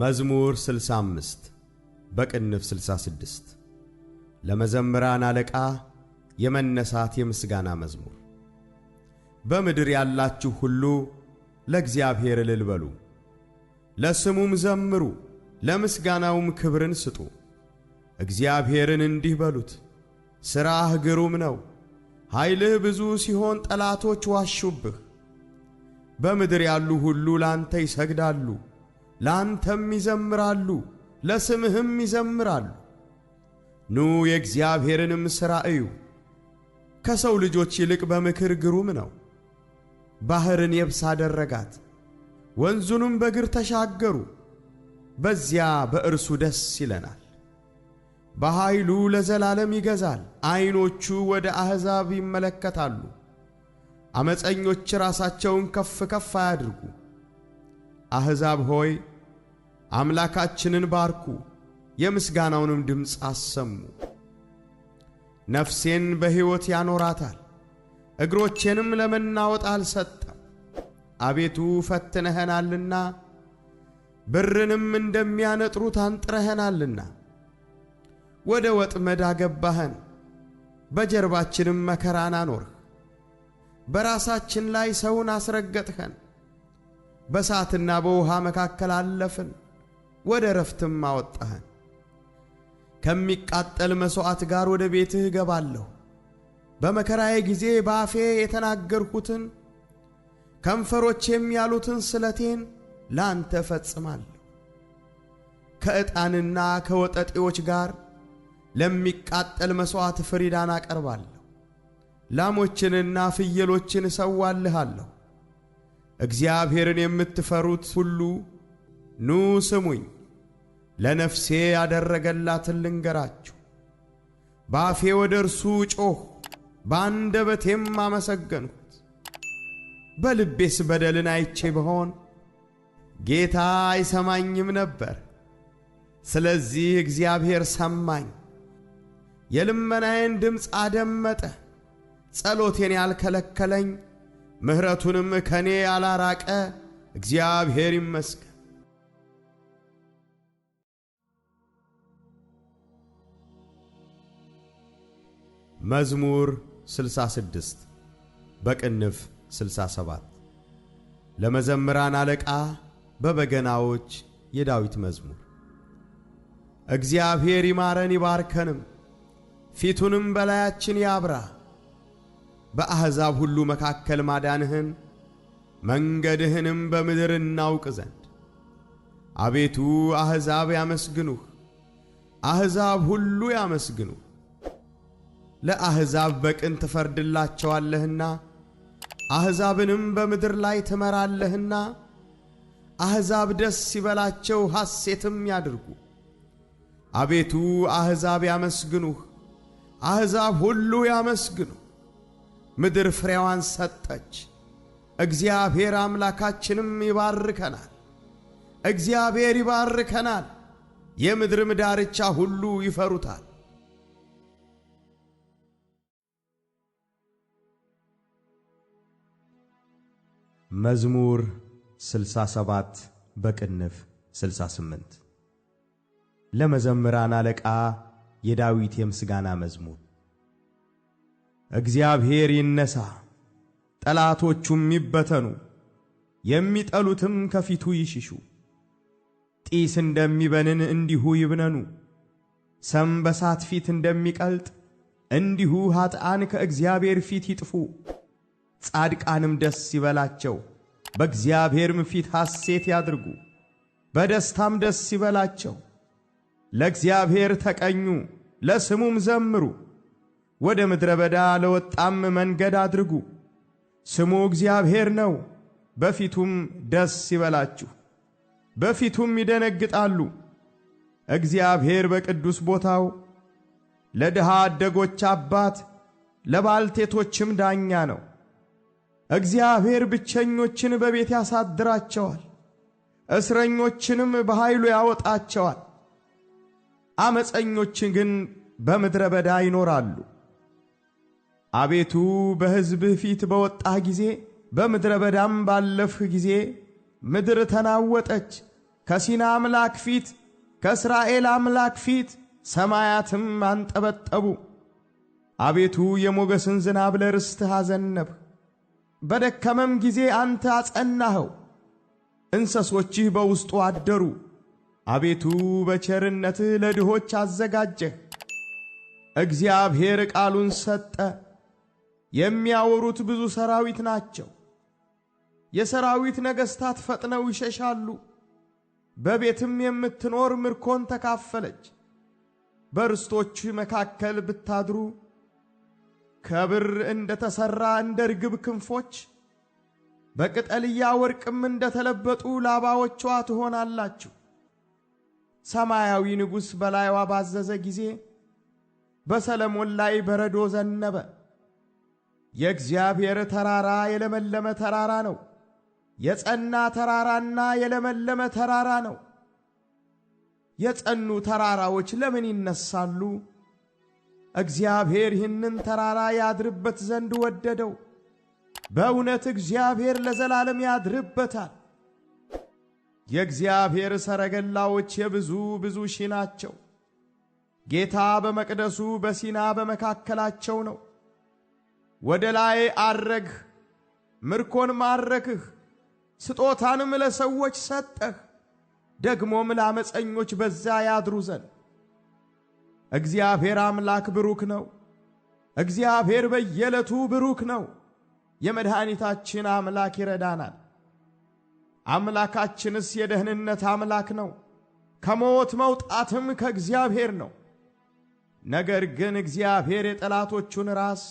መዝሙር 65 በቅንፍ 66 ለመዘምራን አለቃ የመነሳት የምስጋና መዝሙር። በምድር ያላችሁ ሁሉ ለእግዚአብሔር እልል በሉ፣ ለስሙም ዘምሩ፣ ለምስጋናውም ክብርን ስጡ። እግዚአብሔርን እንዲህ በሉት፣ ሥራህ ግሩም ነው፤ ኃይልህ ብዙ ሲሆን ጠላቶች ዋሹብህ። በምድር ያሉ ሁሉ ላንተ ይሰግዳሉ ለአንተም ይዘምራሉ፣ ለስምህም ይዘምራሉ። ኑ የእግዚአብሔርንም ሥራ እዩ፤ ከሰው ልጆች ይልቅ በምክር ግሩም ነው። ባሕርን የብስ አደረጋት፣ ወንዙንም በእግር ተሻገሩ። በዚያ በእርሱ ደስ ይለናል። በኃይሉ ለዘላለም ይገዛል፤ ዐይኖቹ ወደ አሕዛብ ይመለከታሉ። ዓመፀኞች ራሳቸውን ከፍ ከፍ አያድርጉ። አሕዛብ ሆይ አምላካችንን ባርኩ፣ የምስጋናውንም ድምፅ አሰሙ። ነፍሴን በሕይወት ያኖራታል፣ እግሮቼንም ለመናወጥ አልሰጠም። አቤቱ ፈትነኸናልና ብርንም እንደሚያነጥሩት አንጥረኸናልና ወደ ወጥመድ አገባኸን፣ በጀርባችንም መከራን አኖርህ። በራሳችን ላይ ሰውን አስረገጥኸን፣ በእሳትና በውሃ መካከል አለፍን። ወደ ረፍትም አወጣህን። ከሚቃጠል መሥዋዕት ጋር ወደ ቤትህ እገባለሁ። በመከራዬ ጊዜ በአፌ የተናገርሁትን ከንፈሮቼም ያሉትን ስለቴን ላንተ እፈጽማለሁ። ከዕጣንና ከወጠጤዎች ጋር ለሚቃጠል መሥዋዕት ፍሪዳን አቀርባለሁ። ላሞችንና ፍየሎችን እሰዋልሃለሁ። እግዚአብሔርን የምትፈሩት ሁሉ ኑ ስሙኝ፣ ለነፍሴ ያደረገላትን ልንገራችሁ። ባፌ ወደ እርሱ ጮህ በአንደበቴም አመሰገንሁት። በልቤስ በደልን አይቼ ብሆን ጌታ አይሰማኝም ነበር። ስለዚህ እግዚአብሔር ሰማኝ፣ የልመናዬን ድምፅ አደመጠ። ጸሎቴን ያልከለከለኝ ምሕረቱንም ከኔ ያላራቀ እግዚአብሔር ይመስገን። መዝሙር 66 በቅንፍ 67 ለመዘምራን አለቃ በበገናዎች የዳዊት መዝሙር። እግዚአብሔር ይማረን ይባርከንም፣ ፊቱንም በላያችን ያብራ። በአሕዛብ ሁሉ መካከል ማዳንህን መንገድህንም በምድር እናውቅ ዘንድ። አቤቱ አሕዛብ ያመስግኑህ፣ አሕዛብ ሁሉ ያመስግኑህ። ለአሕዛብ በቅን ትፈርድላቸዋለህና አሕዛብንም በምድር ላይ ትመራለህና አሕዛብ ደስ ሲበላቸው ሐሴትም ያድርጉ። አቤቱ አሕዛብ ያመስግኑህ፣ አሕዛብ ሁሉ ያመስግኑ። ምድር ፍሬዋን ሰጠች፣ እግዚአብሔር አምላካችንም ይባርከናል። እግዚአብሔር ይባርከናል፣ የምድርም ዳርቻ ሁሉ ይፈሩታል። መዝሙር 67 በቅንፍ 68 ለመዘምራን አለቃ የዳዊት የምስጋና መዝሙር። እግዚአብሔር ይነሣ፣ ጠላቶቹም ይበተኑ፣ የሚጠሉትም ከፊቱ ይሽሹ። ጢስ እንደሚበንን እንዲሁ ይብነኑ፣ ሰም በሳት ፊት እንደሚቀልጥ እንዲሁ ኀጥኣን ከእግዚአብሔር ፊት ይጥፉ። ጻድቃንም ደስ ይበላቸው፣ በእግዚአብሔርም ፊት ሐሴት ያድርጉ፣ በደስታም ደስ ይበላቸው። ለእግዚአብሔር ተቀኙ፣ ለስሙም ዘምሩ። ወደ ምድረ በዳ ለወጣም መንገድ አድርጉ። ስሙ እግዚአብሔር ነው፣ በፊቱም ደስ ይበላችሁ፣ በፊቱም ይደነግጣሉ። እግዚአብሔር በቅዱስ ቦታው ለድሃ አደጎች አባት ለባልቴቶችም ዳኛ ነው። እግዚአብሔር ብቸኞችን በቤት ያሳድራቸዋል፣ እስረኞችንም በኃይሉ ያወጣቸዋል። አመፀኞች ግን በምድረ በዳ ይኖራሉ። አቤቱ በሕዝብህ ፊት በወጣህ ጊዜ በምድረ በዳም ባለፍህ ጊዜ ምድር ተናወጠች። ከሲና አምላክ ፊት ከእስራኤል አምላክ ፊት ሰማያትም አንጠበጠቡ። አቤቱ የሞገስን ዝናብ ለርስትህ አዘነብህ። በደከመም ጊዜ አንተ አጸናኸው፣ እንስሶችህ በውስጡ አደሩ። አቤቱ በቸርነትህ ለድሆች አዘጋጀህ። እግዚአብሔር ቃሉን ሰጠ፣ የሚያወሩት ብዙ ሰራዊት ናቸው። የሰራዊት ነገሥታት ፈጥነው ይሸሻሉ፣ በቤትም የምትኖር ምርኮን ተካፈለች። በርስቶችህ መካከል ብታድሩ ከብር እንደ ተሠራ እንደ ርግብ ክንፎች በቅጠልያ ወርቅም እንደ ተለበጡ ላባዎቿ ትሆናላችሁ። ሰማያዊ ንጉሥ በላይዋ ባዘዘ ጊዜ በሰለሞን ላይ በረዶ ዘነበ። የእግዚአብሔር ተራራ የለመለመ ተራራ ነው፣ የጸና ተራራና የለመለመ ተራራ ነው። የጸኑ ተራራዎች ለምን ይነሳሉ? እግዚአብሔር ይህንን ተራራ ያድርበት ዘንድ ወደደው። በእውነት እግዚአብሔር ለዘላለም ያድርበታል። የእግዚአብሔር ሰረገላዎች የብዙ ብዙ ሺ ናቸው። ጌታ በመቅደሱ በሲና በመካከላቸው ነው። ወደ ላይ አረግህ፣ ምርኮን ማረክህ፣ ስጦታንም ለሰዎች ሰጠህ፣ ደግሞም ለአመፀኞች በዛ ያድሩ ዘንድ እግዚአብሔር አምላክ ብሩክ ነው። እግዚአብሔር በየዕለቱ ብሩክ ነው። የመድኃኒታችን አምላክ ይረዳናል። አምላካችንስ የደህንነት አምላክ ነው። ከሞት መውጣትም ከእግዚአብሔር ነው። ነገር ግን እግዚአብሔር የጠላቶቹን ራስ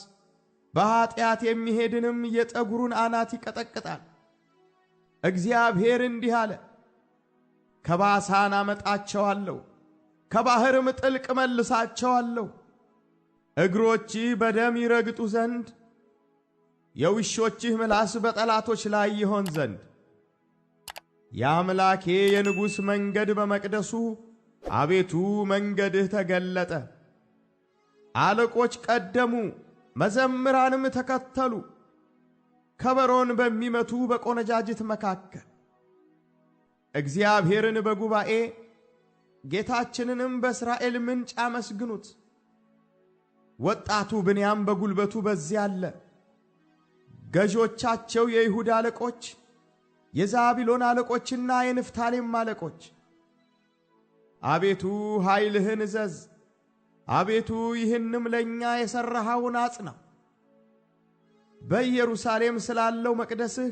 በኀጢአት የሚሄድንም የጠጉሩን አናት ይቀጠቅጣል። እግዚአብሔር እንዲህ አለ፣ ከባሳን አመጣቸዋለሁ ከባህርም ጥልቅ መልሳቸዋለሁ። እግሮችህ በደም ይረግጡ ዘንድ የውሾችህ ምላስ በጠላቶች ላይ ይሆን ዘንድ የአምላኬ የንጉሥ መንገድ በመቅደሱ አቤቱ መንገድህ ተገለጠ። አለቆች ቀደሙ፣ መዘምራንም ተከተሉ፣ ከበሮን በሚመቱ በቆነጃጅት መካከል እግዚአብሔርን በጉባኤ ጌታችንንም በእስራኤል ምንጭ አመስግኑት። ወጣቱ ብንያም በጉልበቱ በዚህ አለ። ገዦቻቸው የይሁዳ አለቆች፣ የዛቢሎን አለቆችና የንፍታሌም አለቆች አቤቱ ኃይልህን እዘዝ፣ አቤቱ ይህንም ለእኛ የሠራኸውን አጽና። በኢየሩሳሌም ስላለው መቅደስህ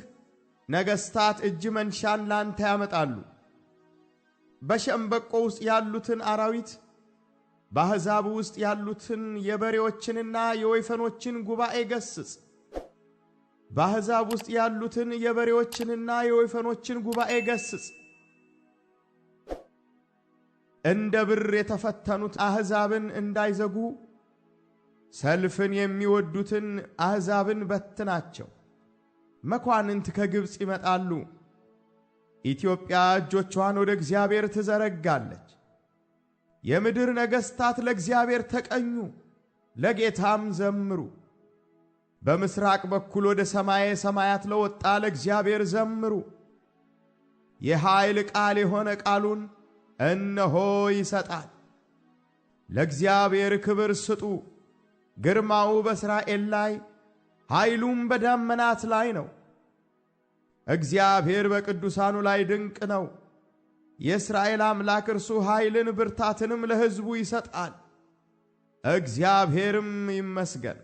ነገሥታት እጅ መንሻን ላንተ ያመጣሉ። በሸምበቆ ውስጥ ያሉትን አራዊት በአሕዛብ ውስጥ ያሉትን የበሬዎችንና የወይፈኖችን ጉባኤ ገስጽ። በአሕዛብ ውስጥ ያሉትን የበሬዎችንና የወይፈኖችን ጉባኤ ገስጽ። እንደ ብር የተፈተኑት አሕዛብን እንዳይዘጉ ሰልፍን የሚወዱትን አሕዛብን በትናቸው። መኳንንት ከግብፅ ይመጣሉ። ኢትዮጵያ እጆቿን ወደ እግዚአብሔር ትዘረጋለች። የምድር ነገሥታት ለእግዚአብሔር ተቀኙ፣ ለጌታም ዘምሩ። በምሥራቅ በኩል ወደ ሰማየ ሰማያት ለወጣ ለእግዚአብሔር ዘምሩ። የኃይል ቃል የሆነ ቃሉን እነሆ ይሰጣል። ለእግዚአብሔር ክብር ስጡ፣ ግርማው በእስራኤል ላይ ኃይሉም በዳመናት ላይ ነው። እግዚአብሔር በቅዱሳኑ ላይ ድንቅ ነው። የእስራኤል አምላክ እርሱ ኃይልን ብርታትንም ለሕዝቡ ይሰጣል። እግዚአብሔርም ይመስገን።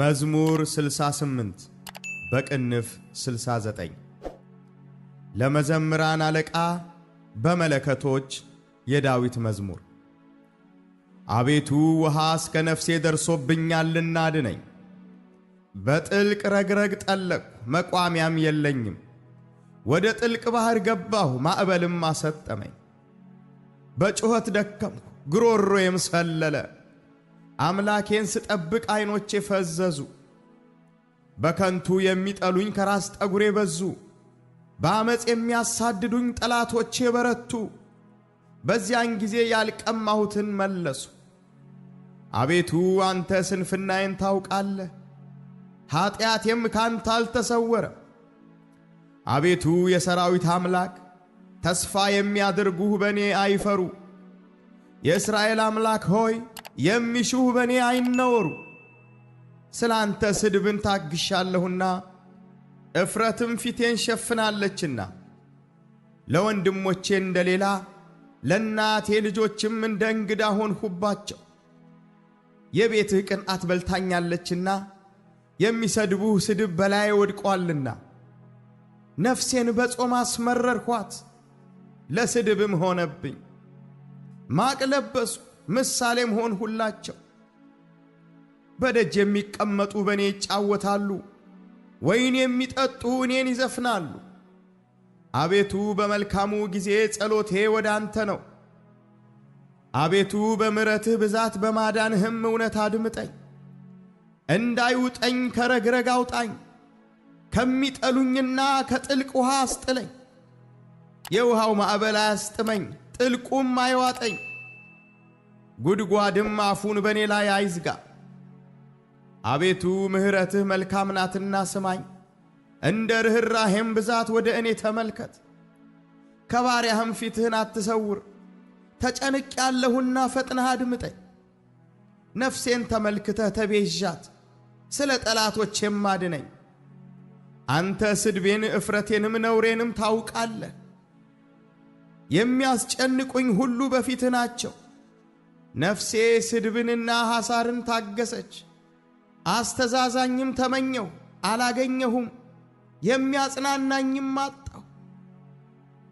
መዝሙር 68 በቅንፍ 69 ለመዘምራን አለቃ በመለከቶች የዳዊት መዝሙር አቤቱ ውሃ እስከ ነፍሴ ደርሶብኛልና አድነኝ። በጥልቅ ረግረግ ጠለቅሁ፣ መቋሚያም የለኝም። ወደ ጥልቅ ባሕር ገባሁ፣ ማዕበልም አሰጠመኝ። በጩኸት ደከምሁ፣ ጉሮሮዬም ሰለለ። አምላኬን ስጠብቅ ዐይኖቼ ፈዘዙ። በከንቱ የሚጠሉኝ ከራስ ጠጉሬ በዙ። በአመፅ የሚያሳድዱኝ ጠላቶቼ በረቱ። በዚያን ጊዜ ያልቀማሁትን መለሱ። አቤቱ አንተ ስንፍናዬን ታውቃለህ፣ ኃጢአቴም ካንተ አልተሰወረም። አቤቱ የሰራዊት አምላክ ተስፋ የሚያደርጉህ በእኔ አይፈሩ። የእስራኤል አምላክ ሆይ የሚሹህ በእኔ አይነወሩ። ስለ አንተ ስድብን ታግሻለሁና እፍረትም ፊቴን ሸፍናለችና ለወንድሞቼ እንደሌላ ለእናቴ ልጆችም እንደ እንግዳ ሆንሁባቸው። የቤትህ ቅንዓት በልታኛለችና የሚሰድቡህ ስድብ በላይ ወድቋልና። ነፍሴን በጾም አስመረርኋት፣ ለስድብም ሆነብኝ። ማቅ ለበስኩ፣ ምሳሌም ሆንሁላቸው። በደጅ የሚቀመጡ በእኔ ይጫወታሉ፣ ወይን የሚጠጡ እኔን ይዘፍናሉ። አቤቱ በመልካሙ ጊዜ ጸሎቴ ወደ አንተ ነው። አቤቱ በምሕረትህ ብዛት በማዳንህም እውነት አድምጠኝ። እንዳይውጠኝ ከረግረግ አውጣኝ፣ ከሚጠሉኝና ከጥልቅ ውሃ አስጥለኝ። የውሃው ማዕበል አያስጥመኝ፣ ጥልቁም አይዋጠኝ። ጉድጓድም አፉን በእኔ ላይ አይዝጋ። አቤቱ ምሕረትህ መልካም ናትና ስማኝ፣ እንደ ርኅራሄም ብዛት ወደ እኔ ተመልከት። ከባሪያህም ፊትህን አትሰውር። ተጨንቅ ያለሁና ፈጥነህ አድምጠኝ። ነፍሴን ተመልክተህ ተቤዣት፣ ስለ ጠላቶቼም አድነኝ። አንተ ስድቤን እፍረቴንም ነውሬንም ታውቃለህ። የሚያስጨንቁኝ ሁሉ በፊትህ ናቸው። ነፍሴ ስድብንና ሐሳርን ታገሰች። አስተዛዛኝም ተመኘሁ አላገኘሁም፣ የሚያጽናናኝም አጣሁ።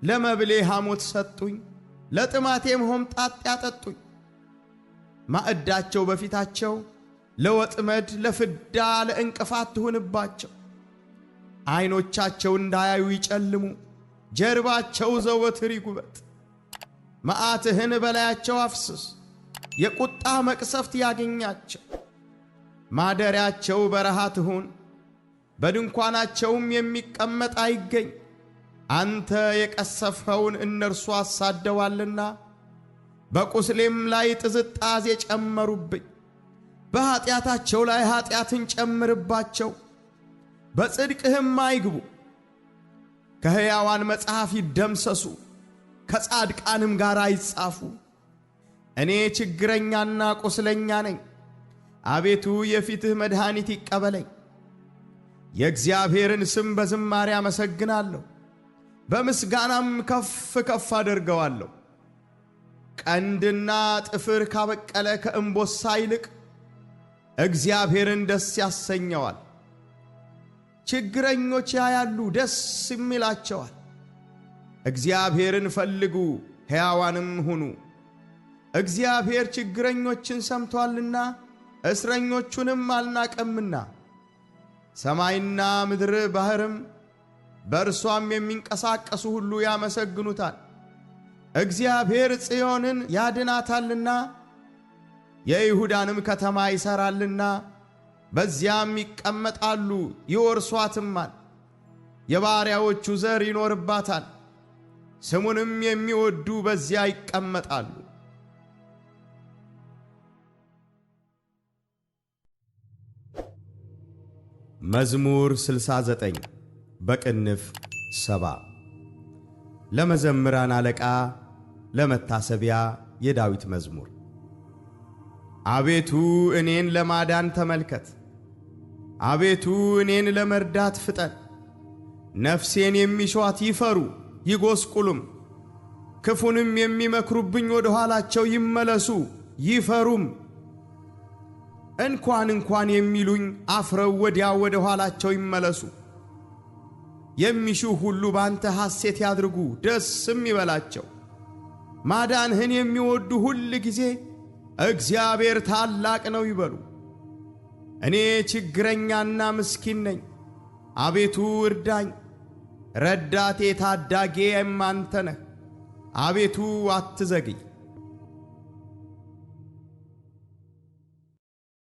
ለመብሌ ሐሞት ሰጡኝ ለጥማቴም ሆምጣጤ አጠጡኝ። ማዕዳቸው በፊታቸው ለወጥመድ፣ ለፍዳ፣ ለእንቅፋት ትሁንባቸው። አይኖቻቸው እንዳያዩ ይጨልሙ፣ ጀርባቸው ዘወትር ይጉበት። መዓትህን በላያቸው አፍስስ፣ የቁጣ መቅሰፍት ያገኛቸው። ማደሪያቸው በረሃ ትሁን፣ በድንኳናቸውም የሚቀመጥ አይገኝ። አንተ የቀሰፍኸውን እነርሱ አሳደዋልና በቁስሌም ላይ ጥዝጣዝ የጨመሩብኝ። በኀጢአታቸው ላይ ኀጢአትን ጨምርባቸው፣ በጽድቅህም አይግቡ። ከሕያዋን መጽሐፍ ይደምሰሱ፣ ከጻድቃንም ጋር አይጻፉ። እኔ ችግረኛና ቁስለኛ ነኝ፤ አቤቱ የፊትህ መድኃኒት ይቀበለኝ። የእግዚአብሔርን ስም በዝማሬ አመሰግናለሁ። በምስጋናም ከፍ ከፍ አደርገዋለሁ። ቀንድና ጥፍር ካበቀለ ከእምቦሳ ይልቅ እግዚአብሔርን ደስ ያሰኘዋል። ችግረኞች ያያሉ፣ ደስ ይላቸዋል። እግዚአብሔርን ፈልጉ፣ ሕያዋንም ሁኑ። እግዚአብሔር ችግረኞችን ሰምቶአልና እስረኞቹንም አልናቀምና ሰማይና ምድር ባሕርም በእርሷም የሚንቀሳቀሱ ሁሉ ያመሰግኑታል። እግዚአብሔር ጽዮንን ያድናታልና የይሁዳንም ከተማ ይሠራልና፣ በዚያም ይቀመጣሉ ይወርሷትማል። የባሪያዎቹ ዘር ይኖርባታል፣ ስሙንም የሚወዱ በዚያ ይቀመጣሉ። መዝሙር 69 በቅንፍ ሰባ ለመዘምራን አለቃ ለመታሰቢያ የዳዊት መዝሙር። አቤቱ እኔን ለማዳን ተመልከት፣ አቤቱ እኔን ለመርዳት ፍጠን። ነፍሴን የሚሿት ይፈሩ ይጎስቁሉም፣ ክፉንም የሚመክሩብኝ ወደ ኋላቸው ይመለሱ ይፈሩም። እንኳን እንኳን የሚሉኝ አፍረው ወዲያ ወደ ኋላቸው ይመለሱ። የሚሹ ሁሉ ባንተ ሐሴት ያድርጉ ደስም ይበላቸው። ማዳንህን የሚወዱ ሁል ጊዜ እግዚአብሔር ታላቅ ነው ይበሉ። እኔ ችግረኛና ምስኪን ነኝ፣ አቤቱ እርዳኝ። ረዳቴ ታዳጌ የማንተ ነህ፣ አቤቱ አትዘግይ።